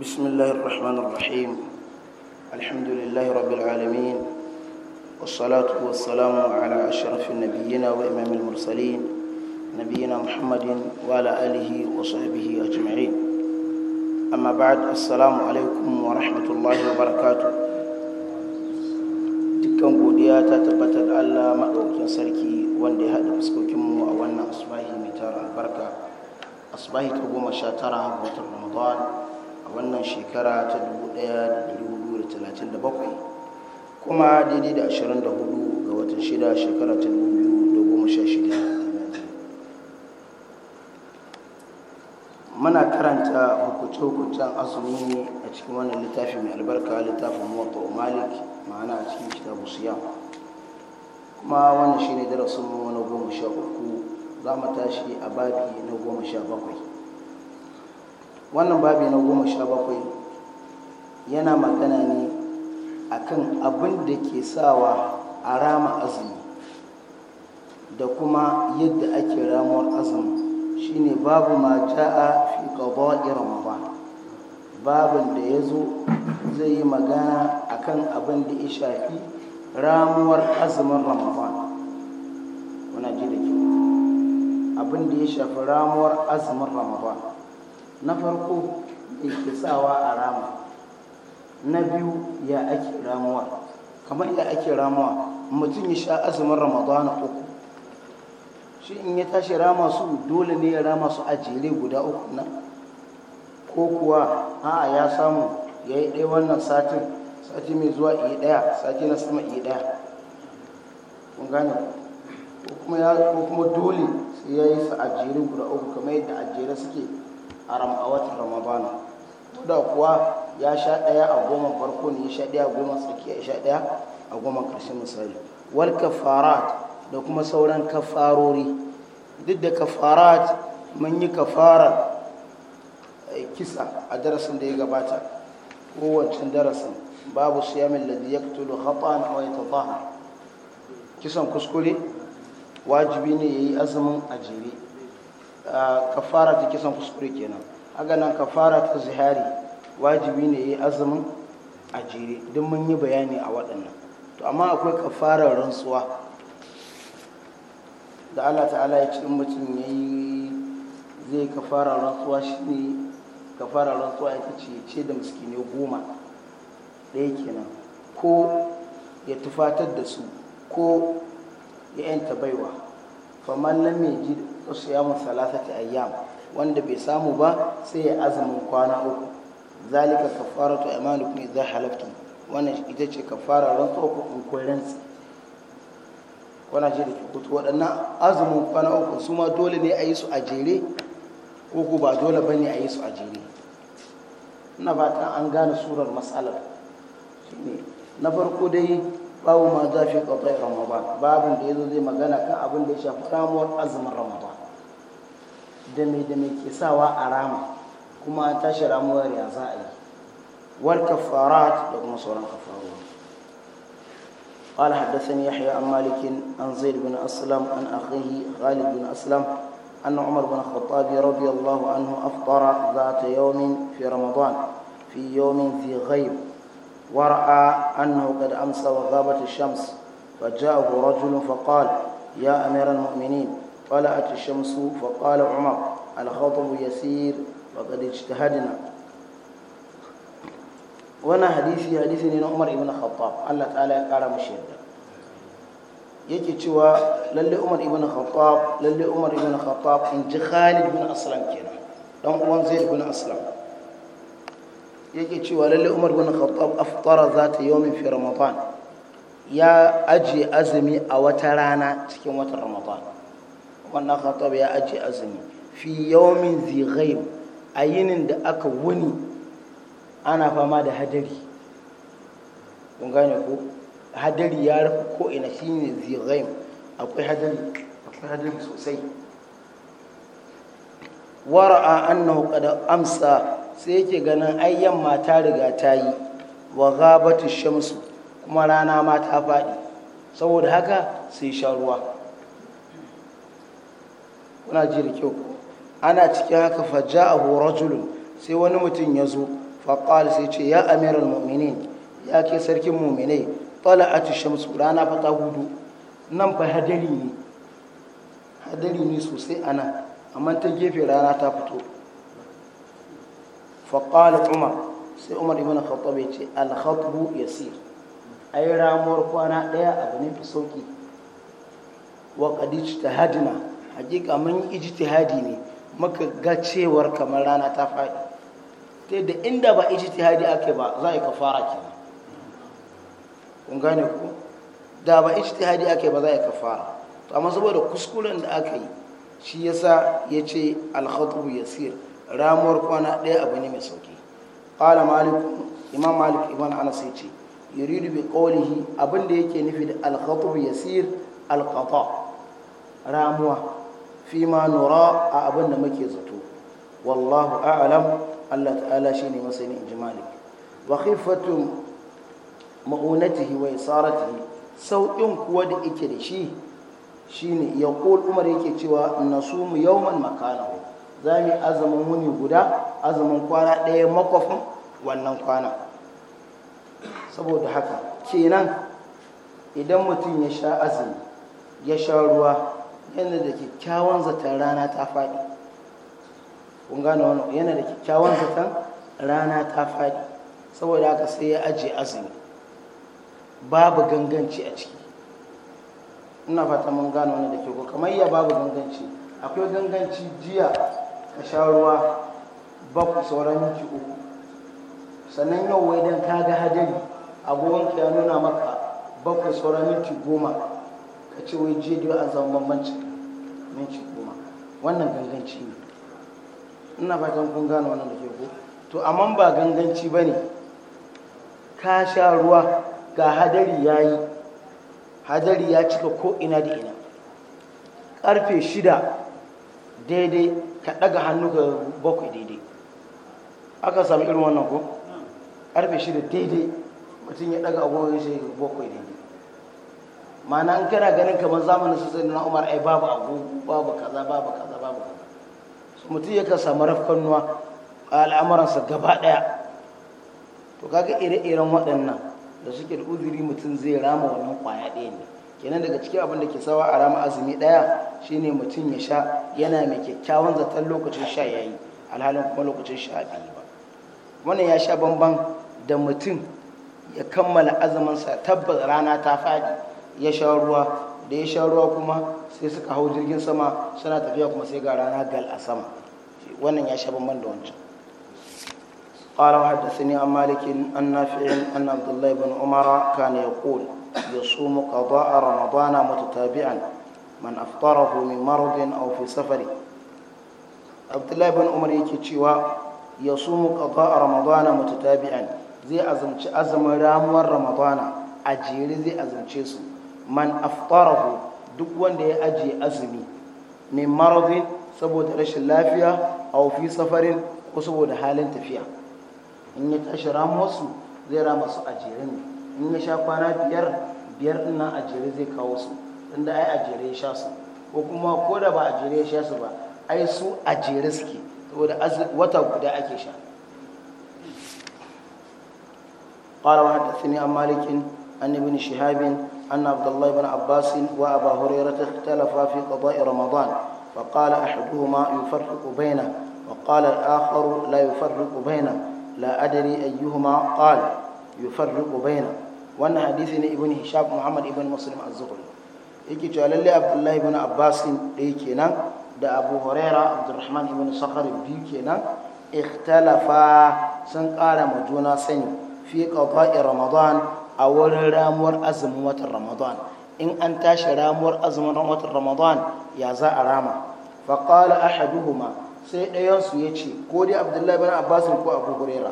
بسم الله الرحمن الرحيم الحمد لله رب العالمين والصلاة والسلام على أشرف النبيين وإمام المرسلين نبينا محمد وعلى آله وصحبه أجمعين أما بعد السلام عليكم ورحمة الله وبركاته dukkan godiya تتبت على ما Allah maɗaukakin sarki wanda ya وأوانا fuskokinmu ميتار البركة asbahi mai tara albarka رمضان wannan shekara ta 1437 kuma daidai da 24 ga watan shida shekara ta 2016 muna karanta hukuce-hukucen azumi ne a cikin wannan littafi mai albarka littafin mota malik ma'ana a cikin kitabu siyam kuma wannan shine darasin mu na goma sha uku za mu tashi a babi na goma sha bakwai wannan babi na goma sha bakwai yana magana ne akan abin da ke sawa a rama azumi da kuma yadda ake ramuwar azumi shine babu ma ja'a fi qada'i ramadan babin da ya zo zai yi magana kan abin da ya shafi ramuwar azumin ramadan Wana ji da ke abin da ya shafi ramuwar azumin ramadan na farko ikisawa a rama na biyu ya ake ramuwa kamar ya ake ramuwa mutum ya sha azumin ramadana uku shi in ya tashi rama su dole ne ya rama su a jere guda uku nan ko kuwa a'a ya samu ya yi ɗaya wannan satin sati mai zuwa iya ɗaya sati na sama iya ɗaya kun gane ko kuma dole sai ya yi su a jere guda uku kamar yadda a jere suke a watan ramadana da kuwa ya sha ɗaya a goma farko ne ya sha ɗaya a goma tsakiya ya sha ɗaya a goma ƙarshen misali wal kafarat da kuma sauran kafarori duk da kafarat mun yi kafarar eh, kisa a darasin da ya gabata kowancin darasin babu su siyamin ladhi hapa na wani tafaha. kisan kuskure wajibi ne ya yi azumin jere. kafara ta kisan kuskure kenan haka nan kafara ta zihari wajibi ne ya yi azumin a jere duk mun yi bayani a waɗannan to amma akwai kafarar rantsuwa da Allah ta'ala ya ci in mutum ya yi zai kafara rantsuwa shi ne kafara rantsuwa ya ce ce da miskine goma ɗaya kenan ko ya tufatar da su ko ya yanta baiwa faman ma yajid siyamu salasati ayyam wanda bai samu ba sai ya azumin kwana uku zalika kafaratu aymanukum idza halaftum wannan ita ce kafara rantsuwa ko kun kwana je da kutu waɗannan azumin kwana uku su ma dole ne a yi su a jere ko ku ba dole bane ne a yi su a jere ina fatan an gane surar matsalar na farko dai باب ما جاء في قطيع رمضان باب الإذن ذي مغانا كأبن ليش أفرامو أزم رمضان دمي دمي كساوة أرامة كما أنتشر أموار يزائي والكفارات لكم صورا كفارون قال حدثني يحيى عن مالك عن زيد بن أسلم عن أخيه خالد بن أسلم أن عمر بن الخطاب رضي الله عنه أفطر ذات يوم في رمضان في يوم ذي غيب ورأى أنه قد أمسى وغابت الشمس فجاءه رجل فقال يا أمير المؤمنين طلعت الشمس فقال عمر الخطب يسير وقد اجتهدنا وانا حديثي حديثي من عمر بن الخطاب الله تعالى قال مشهد yake cewa lalle Umar ibn Khattab lalle Umar ibn Khattab in ji Khalid bin Aslam kenan dan uwan Zaid bin Aslam yake cewa lalle umar bin khattab aftara zata yawmin fi ramadan ya aje azumi a wata rana cikin watan ramadan wannan khattab ya aje azumi fi yawmin zi ghaib a yinin da aka wuni ana fama da hadari kun gane ko hadari ya rufe ko ina shine zi ghaib akwai hadari akwai hadari sosai wara'a annahu qad amsa sai yake ganin ai yamma ta riga ta yi wa ghabatu shamsu kuma rana ma ta faɗi saboda haka sai sha ruwa kuna ji da kyau ana cikin haka faja'ahu rajulun sai wani mutum ya zo faƙal sai ce ya amiral mu'minin ya ke sarkin mu'minai tala'atu shamsu rana fa hudu nan fa hadari ne hadari ne sosai ana amma ta gefe rana ta fito faƙala umar sai umar ibn khattab ya ce alhatbu yasir ai ramuwar kwana ɗaya abu ne fi sauƙi wa ƙadici ta hadina hakika mun yi ijtihadi ne muka ga cewar kamar rana ta faɗi ta yadda inda ba ijtihadi ake ba za a yi kafara kenan kun gane ku da ba ijtihadi ake ba za a yi kafara to amma saboda kuskuren da aka yi shi yasa ya ce alhatbu yasir ramuwar kwana ɗaya abu ne mai sauki ƙala malik imam malik anas ya ce yuridu bi qawlihi abin da yake nufi da al yasir al ramuwa fi ma nura a abin da muke zato wallahu a'lam Allah ta'ala shine masani ji malik wa khifatu ma'unatihi wa isaratihi sauƙin kuwa da yake da shi shine yaqul umar yake cewa nasumu yawman makanahu za mu yi azumin muni guda azumin kwana ɗaya makwafin wannan kwana saboda haka kenan idan mutum ya sha azumi ya sha ruwa yana da kyakkyawan zaton rana ta faɗi kun gane wani yana da kyakkyawan zaton rana ta faɗi saboda haka sai ya ajiye azumi babu ganganci a ciki ina fata mun gano wani da ke kamar iya babu ganganci akwai ganganci jiya ka sha ruwa baku sauran minti uku sannan yau wai don ka ga hadari agogonka ya nuna maka baku sauran minti goma ka ce wai je da an zama bambancin minti goma wannan ganganci ne ina fatan kun gane wannan da ke ko to amma ba ganganci ba ne ka sha ruwa ga hadari ya yi hadari ya cika ko ina da ina karfe shida daidai ka ɗaga hannu ga bakwai daidai aka sami irin wannan ko ƙarfe shida daidai mutum ya ɗaga agogo ya ce bakwai daidai ma'ana an kana ganin kamar zamanin su sai na umar ai babu agogo babu kaza babu kaza babu kaza mutum yakan samu rafkannuwa a al'amuransa gaba ɗaya to kaga ire-iren waɗannan da suke da uzuri mutum zai rama wannan kwaya ɗaya ne kenan daga cikin abin da ke sawa a rama azumi daya shine mutum ya sha yana mai kyakkyawan zaton lokacin sha yayi alhalin kuma lokacin sha biyu ba wannan ya sha bamban da mutum ya kammala azuminsa tabbas rana ta fadi ya sha ruwa da ya sha ruwa kuma sai suka hau jirgin sama suna tafiya kuma sai ga rana gal a sama wannan ya sha bamban da wancan قال وحدثني عن مالك Nafi'in an Abdullahi عبد الله بن عمر كان يقول يصوم قضاء رمضان متتابعا من أفطره من مرض أو في سفر عبد الله بن عمر يكي تشيوا يصوم قضاء رمضان متتابعا زي أزم أزم رام رمضان أجير زي أزم تشيسو من أفطره دقوان دي أجي أزمي من مرض saboda rashin اللافية أو في سفر ko saboda تفيا tafiya in ya tashi ramuwarsu zai rama su a jerin biyar din nan a jere zai kawo su inda ai a jere ya sha su ko kuma ko da ba a jere ya sha su ba ai su a jere suke saboda wata guda ake sha قال وحدثني عن مالك عن ابن شهاب أن عبد الله بن عباس وأبا هريرة اختلفا في قضاء رمضان فقال أحدهما يفرق بينه وقال الآخر لا يفرق بينه لا أدري أيهما قال يفرق بينه wannan hadisi ne ibn hishab muhammad ibn muslim az-zuhri yake cewa lalle abdullahi ibn abbas ɗaya kenan da abu huraira abdurrahman ibn sakhar biyu kenan ikhtalafa sun ƙara ma juna sani fi qada'i ramadan a wurin ramuwar azumin watan ramadan in an tashi ramuwar azumin watan ramadan ya za a rama faqala ahaduhuma sai ɗayansu ya ce ko dai abdullahi ibn abbas ko abu huraira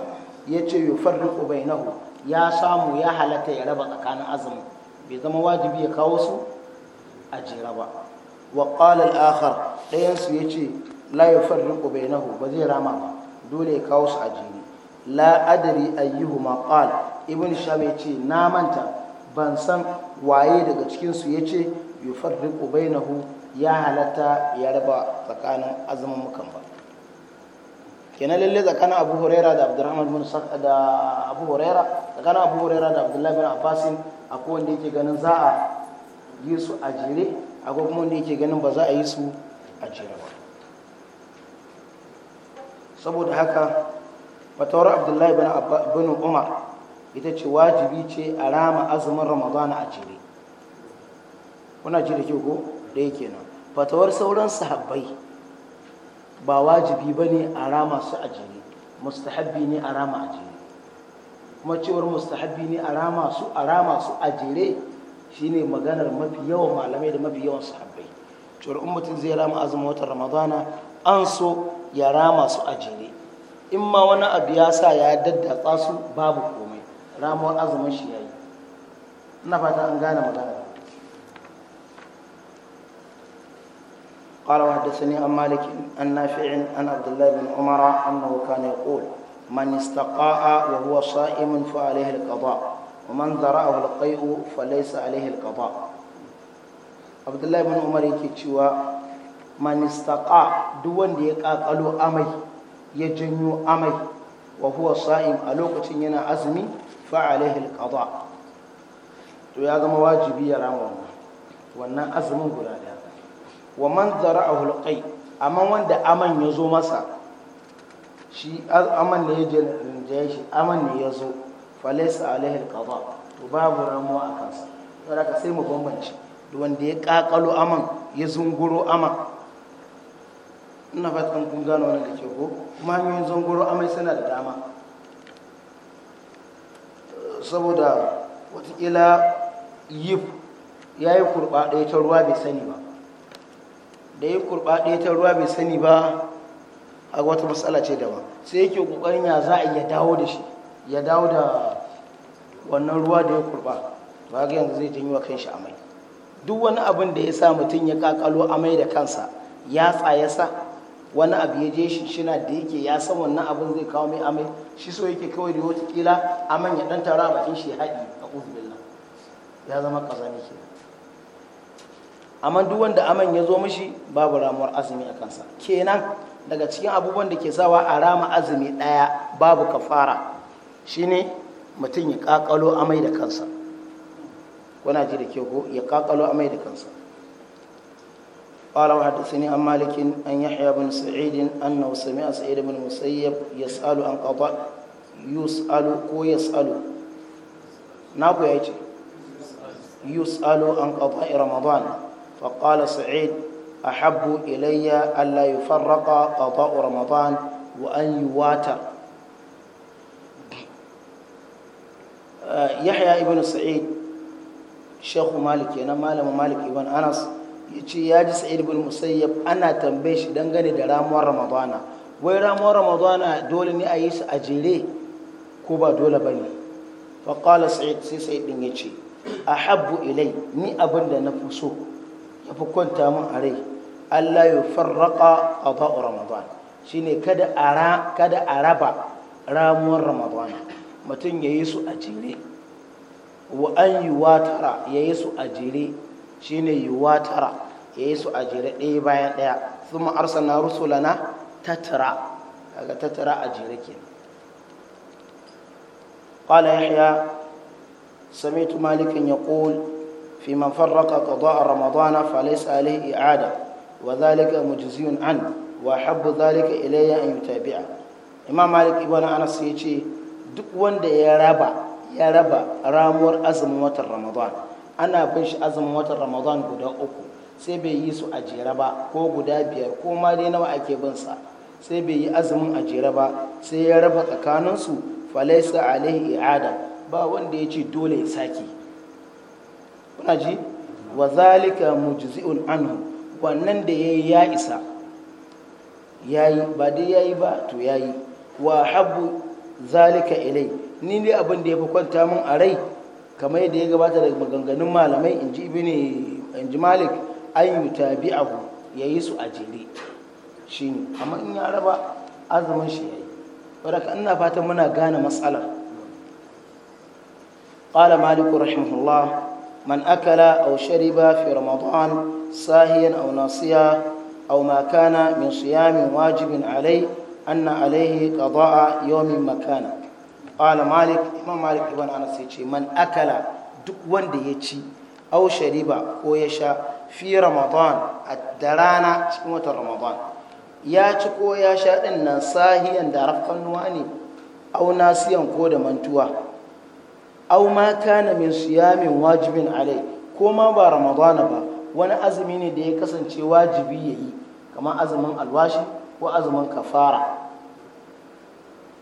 ya ce yufarriqu bainahu ya samu ya halatta ya raba tsakanin azumin bai zama wajibi ya kawo su a jera ba wa qala al-akhar dayan su yace la bainahu ba zai rama ba dole ya kawo su a jere la ayyuhu ayyuhuma qala ibn shab yace na manta ban san waye daga cikin su yace yufarriqu bainahu ya halatta ya raba tsakanin azumin mukan ba kenan lalle tsakanin abu huraira da abdurrahman bin da abu huraira tsakanin abu huraira da abdullahi bin abbasin akwai wanda yake ganin za a yi su a jere akwai kuma wanda yake ganin ba za a yi su a jere ba saboda haka fatawar abdullahi bin umar ita ce wajibi ce a rama azumin ramadan a jere kuna ji da ke ko da yake nan fatawar sauran sahabbai ba wajibi ba ne a rama su a jere mustahabbi ne a rama a jere kuma cewar mustahabbi ne a rama su a rama su a jere shine maganar mafi yawan malamai da mafi yawan sahabbai cewar in mutum zai rama azumin watan ramadana an so ya rama su a jere in ma wani abu ya sa ya daddatsa su babu komai ramuwar azumin shi ya yi ina fata an gane magana قال وحدثني عن مالك عن نافع عن عبد الله بن عمر انه كان يقول من استقاء وهو صائم فعليه القضاء ومن ذرأه القيء فليس عليه القضاء عبد الله بن عمر yake cewa man istaqa duk wanda ya kakalo amai ya janyo amai wa huwa a lokacin yana azumi fa alaihi alqada to ya zama wajibi wannan azumin guda wa man zara'ahu alqai amma wanda aman ya zo masa shi aman ne ya je shi aman ne ya zo falaysa alaihi alqada to babu ramuwa a kansa da ka sai mu bambance da wanda ya kakalo aman ya zunguro aman ina fatan kun gano wannan da ke ko kuma hanyoyin zunguro amai suna da dama saboda watakila yif ya yi kurɓa ɗaya ta ruwa bai sani ba da ya kurba ɗaya ta ruwa bai sani ba a wata matsala ce da ba sai yake kokarin ya za a ya dawo da shi ya dawo da wannan ruwa da ya kurba ba ga yanzu zai janyo kan shi amai duk wani abin da ya sa mutum ya kakalo amai da kansa ya tsaya sa wani abu ya je shi shina da yake ya san wannan abin zai kawo mai amai shi so yake kawai da wata kila aman ya dan tara bakin shi haɗi a uzubillah ya zama kazani kenan amma duk wanda aman ya zo mishi babu ramuwar azumi a kansa kenan daga cikin abubuwan da ke sawa a rama azumi ɗaya babu kafara shine mutum ya kakalo amai da kansa kuna ji da ke ko ya kakalo amai da kansa قال وحدثني عن مالك أن يحيى بن سعيد أنه سمع سعيد بن المسيب يسأل عن قضاء يسأل كو يسأل نابو يجي يسأل عن قضاء رمضان وقال سعيد أحب إلي ألا يفرق قضاء رمضان وأن يواتر يحيى ابن سعيد شيخ مالك yana malamin malik ibn anas ya ya ji sa'id ibn musayyab ana tambaye shi dangane da ramuwar ramadana wai ramuwar ramadana dole ne a yi su a jere ko ba dole ba ne faƙala sa'id sai sa'id din ya ce a habbu ilai ni abin da na fi so tafi kwanta min a rai Allah ya farraka qada'u ramadan shine kada kada a raba ramuwar ramadan mutum ya yi su a jere wa an ya yi su a jere shi ne yi tara ya yi su a jere ɗaya bayan ɗaya thumma arsalna na tattara kaga tatara a jere kenan same yahya سمعت ya يقول في من فرق قضاء رمضان فليس عليه إعادة وذلك مجزي عنه وأحب ذلك إلي أن يتابعه malik مالك Anas ya ce duk wanda ya raba ya raba ramuwar azumin watan ramadan ana bin shi azumin watan ramadan guda uku sai bai yi su a jere ba ko guda biyar ko ma dai nawa ake bin sa sai bai yi azumin a jere ba sai ya raba tsakaninsu falaisa alaihi i'ada ba wanda ya ce dole ya sake kuna ji wa zalika mujzi'un anhu wannan da yayi ya isa yayi ba dai yayi ba to yayi wa habu zalika ilai ni ne abin da ya fi kwanta min a rai kamar yadda ya gabata daga maganganun malamai in ji ibini malik an yi abu ya yi su a jere shi ne amma in ya raba azumin shi ya yi wadda ina fatan muna gane matsalar ƙala maliku rahimahullah Man akala أو شرب في رمضان ساهيا min ناصيا أو ما كان من صيام واجب عليه أن عليه قضاء يوم مكانه قال مالك إمام مالك ابن duk wanda ya ci au shariba ko ya sha fi ramadan da rana cikin watan ramadan ya ci ko ya sha din nan sahiyan da rafkan nuwa ne au ko da mantuwa aw ma kana min siyamin wajibin alai ko ma ba ramadana ba wani azumi ne da ya kasance wajibi yayi kamar azumin alwashi ko azumin kafara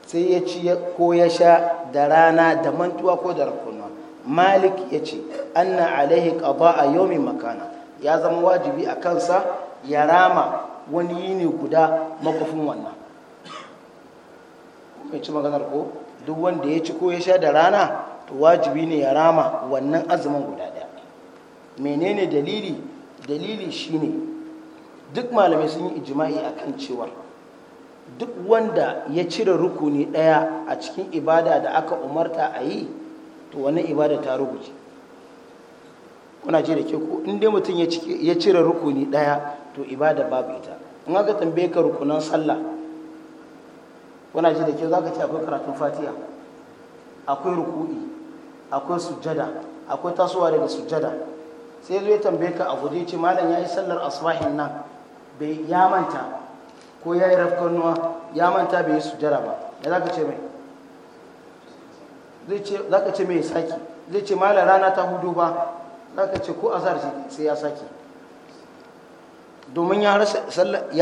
sai ya ci ko ya sha da rana da mantuwa ko da rukunwa malik ya ce anna alaihi qada a yomi makana ya zama wajibi a kansa ya rama wani yini guda makofin wannan mai ci maganar ko duk wanda ya ci ko ya sha da rana wajibi ne ya rama wannan azumin guda ɗaya menene dalili dalili shine duk malamai sun yi ijma'i akan cewa duk wanda ya cire rukuni ɗaya a cikin ibada da aka umarta a yi to wannan ibada ta rubuce kuna ce da ke ko in dai mutum ya cire rukuni ɗaya to ibada babu ita in aka tambaye ka rukunan sallah kuna ce da ke za ka ce akwai karatun fatiya akwai ruku'i akwai sujjada akwai tasowa daga sujjada sai zo ya tambaye ka a guje ce malam ya yi sallar asbahin nan bai ya manta ko ya yi rafkanuwa ya manta bai yi sujjada ba ya za ka ce mai za ka ce mai saki zai ce malam rana ta hudu ba za ka ce ko azhar sai ya saki domin ya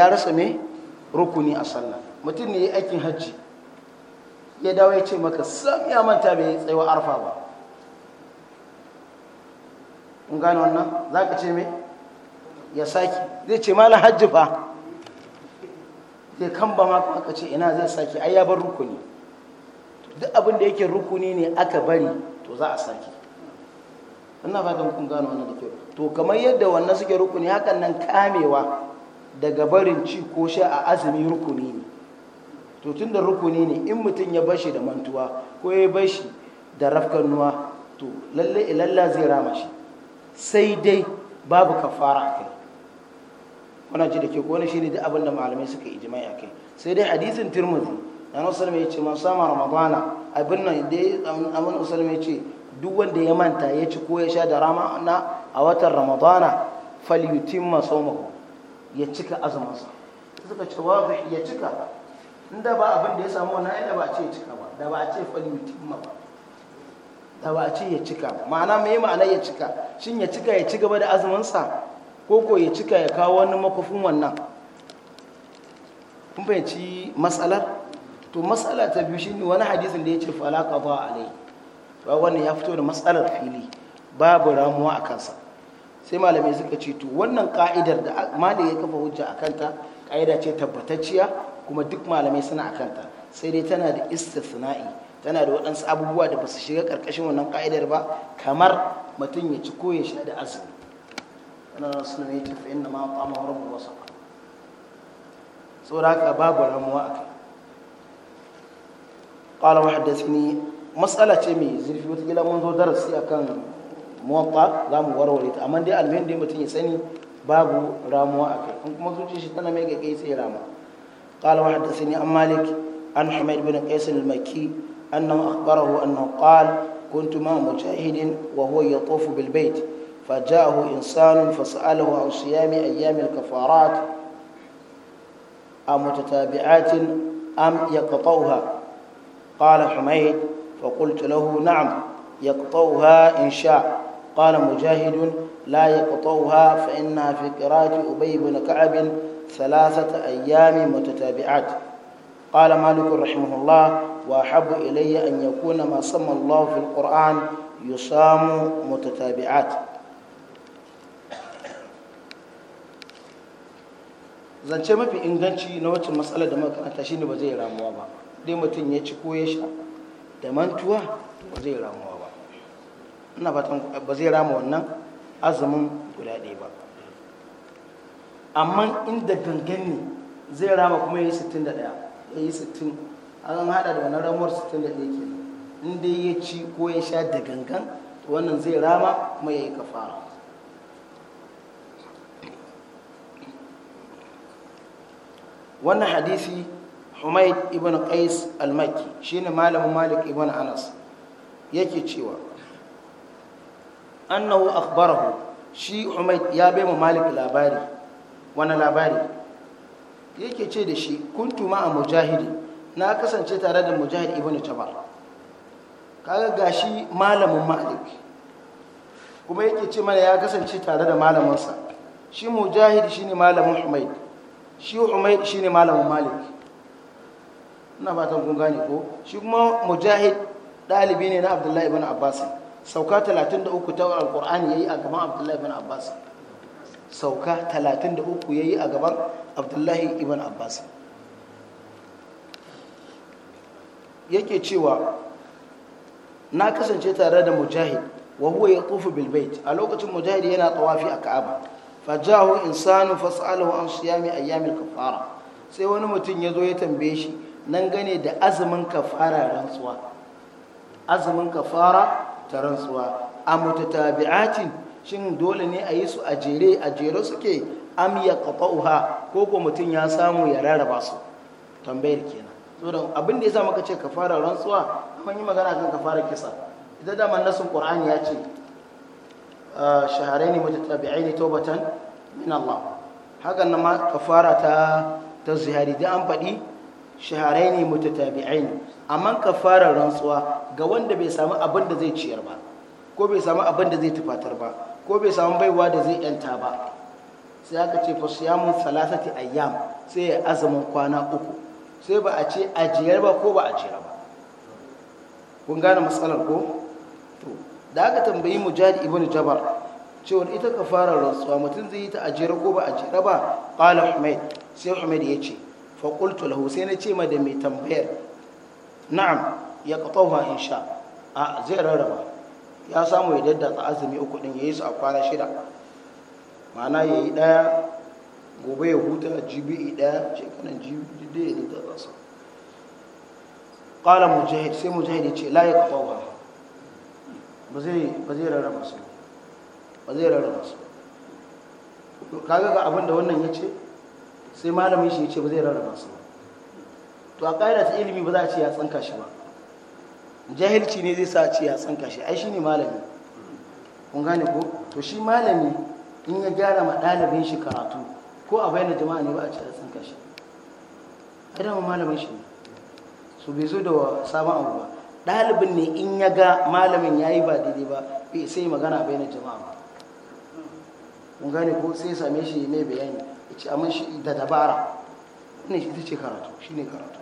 rasa mai rukuni a sallah mutum ne ya yi aikin hajji ya dawo ya ce maka sam ya manta bai tsayawa arfa ba in gano wannan za ka ce mai ya saki zai ce malam hajji fa zai kan ba ma ka ce ina zai saki ai ya bar rukuni duk abin da yake rukuni ne aka bari to za a saki ina ba kun gano wannan da kyau to kamar yadda wannan suke rukuni hakan nan kamewa daga barin ci ko sha a azumi rukuni ne to tun da rukuni ne in mutum ya bashi da mantuwa ko ya bashi da rafkannuwa to lalle ilalla zai rama shi sai dai babu kafara a kai Wana ce da ke kone shi ne da abin da malamai suka mai a kai sai dai hadisin turmuzi na nan mai ce man sama ramadana abin nan dai amin salama ya ce duk wanda ya manta ya ci ko ya sha da rama na a watan ramadana falyutimma mako ya cika azumansa suka ce wa ya cika inda ba abin da ya samu wani ai da ba a ce cika ba da ba a ce falyutimma ba tawaci a ya cika ma'ana mai ma'ana ya cika shin ya cika ya ci gaba da azuminsa ko ko ya cika ya kawo wani makofin wannan kun fahimci matsalar to matsala ta biyu ne wani hadisin da ya ce fala a lai to wannan ya fito da matsalar fili babu ramuwa a kansa sai malamai suka ce to wannan ka'idar da malai ya kafa hujja a kanta ka'ida ce tabbatacciya kuma duk malamai suna a kanta sai dai tana da istisna'i tana da waɗansu abubuwa da ba su shiga ƙarƙashin wannan ƙa'idar ba kamar mutum ya ci ko ya sha da azumi wannan rasu ne ta fa'in na ma'a ɓama rabu wasu saboda haka babu ramuwa a kai ƙwala wa ne matsala ce mai zurfi wata mun zo darasi a kan muwatta za mu warware ta amma dai almin da mutum ya sani babu ramuwa a kai in kuma zuciya shi tana mai gaggai sai rama ƙwala wa ne an malik an Hamad bin qais al أنه أخبره أنه قال كنت مع مجاهد وهو يطوف بالبيت فجاءه إنسان فسأله عن صيام أيام الكفارات أمتتابعات أم يقطعها قال حميد فقلت له نعم يقطعها إن شاء قال مجاهد لا يقطعها فإنها في قراءة أبي بن كعب ثلاثة أيام متتابعات قال مالك رحمه الله وأحب إلي أن يكون ما سمى الله في القرآن يصام متتابعات zance mafi inganci na wacce matsala da makaranta shine ba zai ramuwa ba dai mutum ya ci ko ya sha da mantuwa ba zai ramuwa ba ina fatan ba zai ramu wannan azumin guda ɗaya ba amma inda gangan ne zai rama kuma ya yi 61 ya yi an hada da wani ramuwar 61 kenan in dai ya ci ko ya sha da gangan wannan zai rama kuma ya yi kafara wannan hadisi humaid ibn qais al-makki shine malamin malik ibn anas yake cewa annahu akhbarahu shi humaid ya bai ma malik labari wani labari yake ce da shi kuntu ma a mujahidi na kasance tare da mujahid ibn jabar kaga gashi malamin malik kuma yake ce mana ya kasance tare da malaminsa shi mujahid shine malamin humaid shi shi shine malamin malik ina fatan kun gane ko shi kuma mujahid dalibi ne na abdullahi ibn abbas sauka 33 ta alqur'ani yayi a gaban abdullahi ibn abbas sauka 33 yayi a gaban abdullahi ibn abbas yake cewa na kasance tare da mujahid wa huwa yatufu bil bait a lokacin mujahid yana tawafi a ka'aba fajahu insanu fas'alahu an siyami ayyamil kafara sai wani mutum ya zo ya tambaye shi nan gane da azumin kafara rantsuwa azumin kafara ta rantsuwa a mutatabi'atin shin dole ne a yi su a jere a jere suke am ya qata'uha ko ko mutum ya samu ya rarraba su tambayar kenan saboda abin da sa muka ce fara rantsuwa kuma yi magana kan ka fara kisa idan da man nasin qur'ani ya ce ah, shahrayn mutatabi'ain tawbatan min Allah hakan nan ma kafara ta ta zihari da an faɗi shahareni mutatabi'ain amma kafara rantsuwa ga wanda bai samu abin da zai ciyar ba ko bai samu abin da zai tufatar ba ko bai samu baiwa da zai yanta ba sai aka ce fa siyamu salasati ayyam sai azumin kwana uku sai ba a ce a jiyar ba ko ba a jiyar ba kun gane matsalar ko to da aka tambayi mujahid ibn jabar cewa ita ka fara rantsuwa mutum zai yi ta a jiyar ko ba a jiyar ba qala Ahmed, sai Ahmed ya ce fa qultu lahu sai na ce ma da mai tambayar na'am ya qatawha insha a zai rarraba ya samu ya daddata azumi uku ɗin ya yi su a kwana shida ma'ana yayi ɗaya. gobe ya huta jibi ɗaya shekaran jibi da ya dinga rasa ƙala mujahid sai mujahid ya ce laye ka fauha ba zai rarraba su ba zai rarraba su kaga ga abinda wannan ya ce sai malamin shi ya ce ba zai rarraba su to a ƙa'ida ta ilimi ba za a ce ya tsanka shi ba jahilci ne zai sa ce ya tsanka shi ai shi ne malami kun gane ko to shi malami in ya gyara ma ɗalibin shi karatu ko a bayyana jama'a ne ba a ce a kashi shi ai dama malamin shi ne su bai zo da sabon abu ba ɗalibin ne in ya ga malamin ya yi ba daidai ba bai sai magana bayyana jama'a ba kun gane ko sai same shi mai bayani a ce amma shi da dabara ne shi ta ce karatu shi ne karatu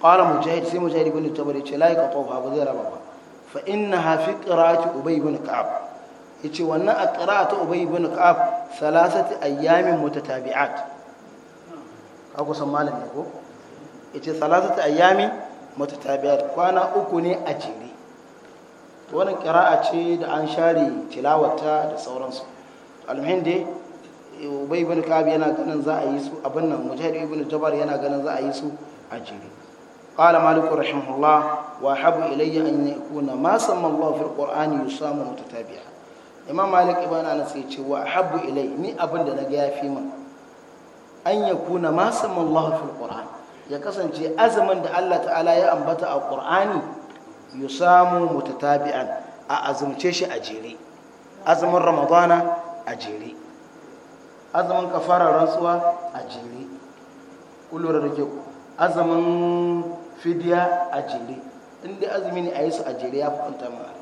ƙwala mujahid sai mujahid ibn tabari ce layi ka tofa ba zai raba ba fa inna hafi ƙira'ati ubay ibn ka'ab ya ce wannan a ƙira ta ubay ibn ka'ab salasati ayyamin mutatabi'at ako san malami ko yace salasati ayyamin mutatabi'at kwana uku ne a jere to wannan qira'a ce da an share tilawata da sauransu almuhim dai ubay ibn kab yana ganin za a yi su abin nan mujahid ibn jabar yana ganin za a yi su a jere qala مالك rahimahullah wa habu ilayya an yakuna ma سمى الله في القرآن يسام متتابعا imam malik ibn anas ya ce wa habbu ilai ni abin da na ga yafi min an kuna ma samallahu fil qur'an ya kasance azumin da Allah ta'ala ya ambata a qur'ani yusamu mutatabi'an a azumce shi a jere azumin ramadana a jere azumin kafarar rantsuwa a jere Kullum da azumin fidiya a jere inda azumi ne a yi su a jere ya fi kwanta mara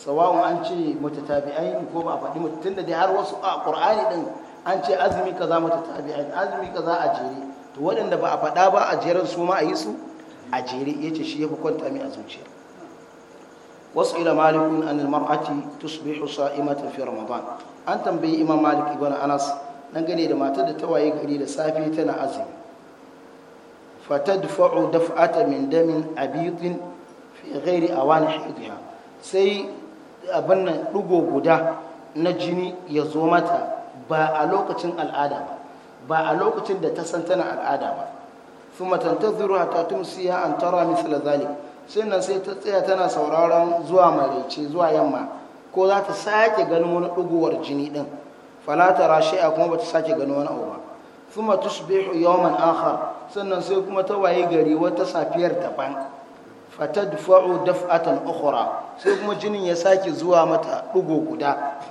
sawa'un an ce mutatabi'ai ko ba a faɗi mutum da dai har wasu a ƙur'ani ɗin an ce azumi kaza mutatabi'ai azumi kaza a jere to waɗanda ba a faɗa ba a jeren su ma a yi su a jere yace shi ya fi kwanta mai a zuciya wasu ila malikun an mar'ati tusbihu sa'imatan fi ramadan an tambayi imam malik ibn anas dan gane da matar da ta gari da safe tana azumi fatadfa'u daf'ata min damin abitin fi ghairi awani hidha sai abin nan ɗigo guda na jini ya zo mata ba a lokacin al'ada ba ba a lokacin da ta san tana al'ada ba su matantaziru hatta tumsiya an tara misla zali sai nan sai ta tsaya tana sauraron zuwa maraice zuwa yamma ko za ta sake ganin wani ɗigowar jini ɗin falata a kuma ba ta sake ganin wani abu ba su matusbihu yawman akhar sannan sai kuma ta waye gari wata safiyar daban fatadfa'u daf'atan ukhra sai kuma jinin ya sake zuwa mata dugo guda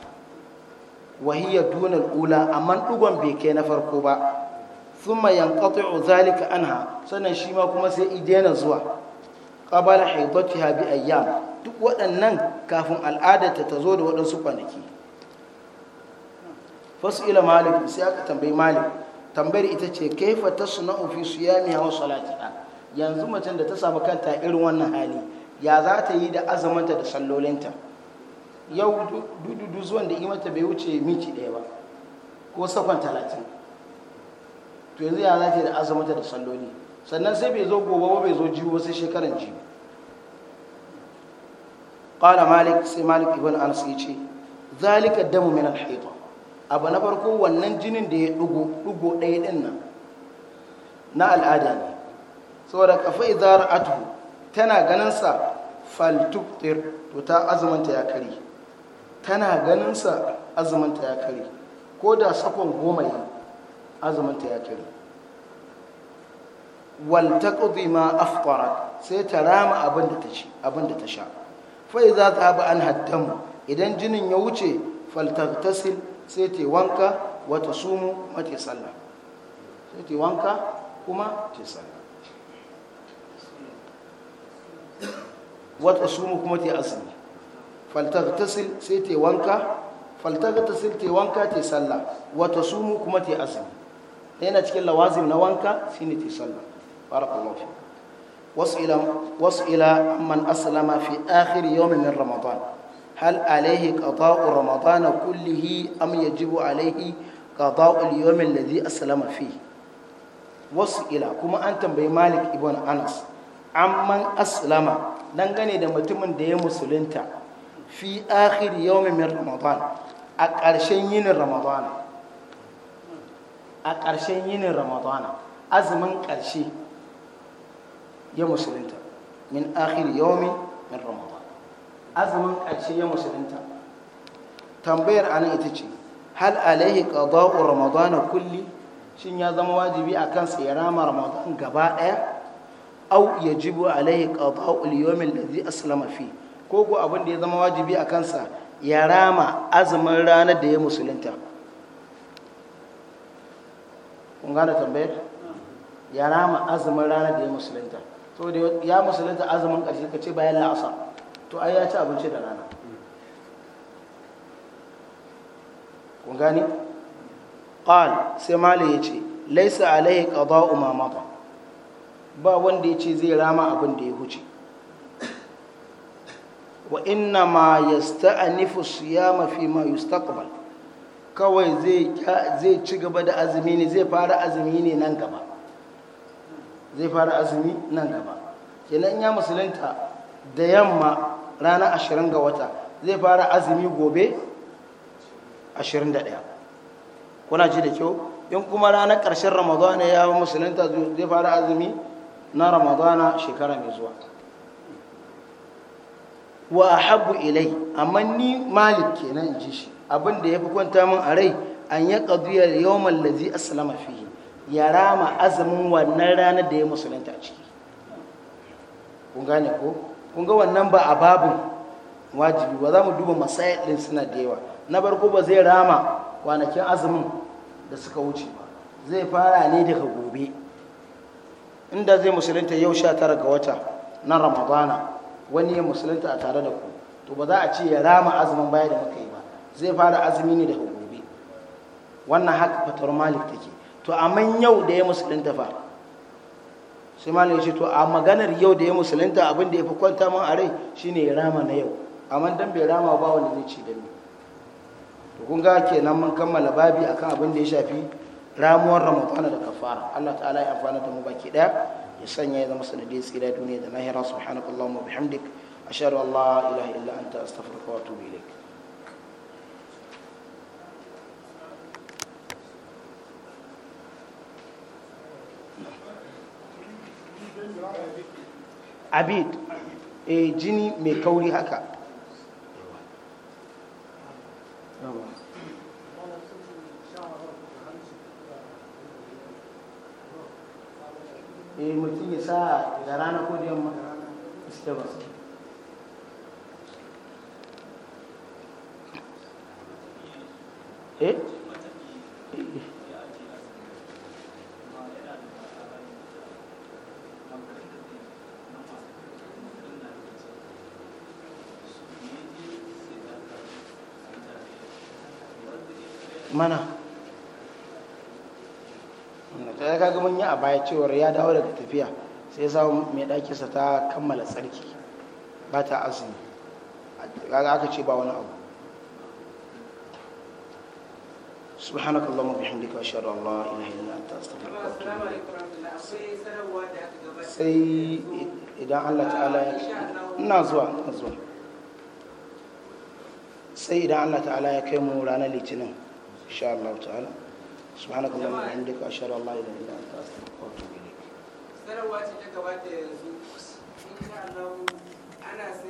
wahiya dunal ula amma dugon bai kai na farko ba thumma yanqati'u zalika anha sannan shi ma kuma sai daina zuwa qabala haidatiha bi ayyam duk waɗannan kafin al'adarta ta zo da waɗansu kwanaki fasila malik sai aka tambayi malik tambayar ita ce kaifa tasna'u fi siyamiha wa salatiha yanzu macen da ta samu kanta irin wannan hali ya za ta yi da azamanta da sallolinta yau dududu zuwan da imanta bai wuce miki ɗaya ba ko sakon talatin to yanzu ya za ta yi da azamanta da salloli sannan sai bai zo gobe ba bai zo jiwo sai shekaran ji qala malik sai malik ibn anas yace zalika damu min al-hayd abu na farko wannan jinin da ya dugo dugo ɗaya din nan na al'ada ne saboda kafa idara atu tana ganinsa faltuktir to ta azumanta ya kare tana ganinsa azumanta ya kare ko da sakon goma yi azumanta ya kare waltaqdi ma afqarat sai ta rama abin da ta sha fai za ta sha an haddamu, idan jinin ya wuce faltaghtasil sai ta wanka wata sumu mace sallah sai ta wanka kuma ta sallah wata sumu kuma ta azumi faltagtasil sai ta wanka faltagtasil ta wanka ta salla. wata sumu kuma ta azumi yana cikin lawazim na wanka shine ta salla. barakallahu ila wasila wasila man aslama fi akhir yawm min ramadan hal alayhi qada'u ramadan kullihi am yajibu alayhi qada'u al-yawm alladhi aslama Wasu ila kuma an tambayi malik ibn anas amman aslama dangane da mutumin da ya musulunta fi akhir yawmin min ramadan a ƙarshen yinin ramadan a ƙarshen yinin ramadan azumin ƙarshe ya musulunta min akhir yawmin min ramadan azumin ƙarshe ya musulunta tambayar anan ita ce hal alaihi qada'u ramadan kulli shin ya zama wajibi akan sa ya rama ramadan gaba ɗaya au yajibu alaihi qada'u al da zai aslama fi ko ko abin da ya zama wajibi a kansa ya rama azumin ranar da ya musulunta kun gane tambayar ya rama azumin ranar da ya musulunta to da ya musulunta azumin ƙarshe ka ce bayan la'asa to ai ya ci abinci da rana kun gane ƙal sai mali ya ce laisa alaihi qada'u ma mata ba wanda ya ce zai rama abin da ya huce wa inna ma su siyama fi ma yustaqbal kawai zai zai ci gaba da azumi ne zai fara azumi ne nan gaba zai fara azumi nan gaba kenan ya musulunta da yamma rana ashirin ga wata zai fara azumi gobe ashirin da ɗaya kuna ji da kyau in kuma ranar ƙarshen ramadana ya musulunta zai fara azumi na ramadana shekara mai zuwa wa ahabbu ilai amma ni malik kenan in ji shi abin ya fi kwanta min a rai an ya kaduya mallazi a salama fiye. ya rama azumin wannan ranar da ya musulunta a ciki kun gane ko kun ga wannan ba a babin wajibi ba za mu duba masayar ɗin suna da yawa na barko ba zai rama kwanakin azumin da suka wuce ba zai fara ne daga gobe inda zai musulunta yau sha tara ga wata na ramadana wani ya musulunta a tare da ku to ba za a ce ya rama azumin baya da muka yi ba zai fara azumi ne da gobe wannan haka fatar malik take to amma yau da ya musulunta fa sai malik ya ce to a maganar yau da ya musulunta abin da ya fi kwanta min a rai shine ya rama na yau amma dan bai rama ba wanda zai ci da ni to kun ga kenan mun kammala babi akan abin da ya shafi ramuwar ramadana da kafara Allah ta'ala ya amfana da mu baki daya ya sanya ya zama sanadiyar tsira duniya da lahira subhanakallahumma bihamdik ashhadu an la ilaha illa anta astaghfiruka wa atubu ilaik abid e jini mai kauri haka eh mutum ya sa da rana ko da yamma istabas eh mana baya cewar ya dawo daga tafiya sai ya samu mai ɗakinsa ta kammala tsarki ba ta azumi kaga aka ce ba wani abu سبحانك اللهم وبحمدك اشهد ان لا اله الا انت استغفرك واتوب اليك sai idan Allah ta'ala ya ina zuwa ina zuwa sai idan Allah ta'ala ya kai mu ranar litinin insha Allah ta'ala sahana kallon a bandika sharonlayi da manakasa otubia sararwa ce ta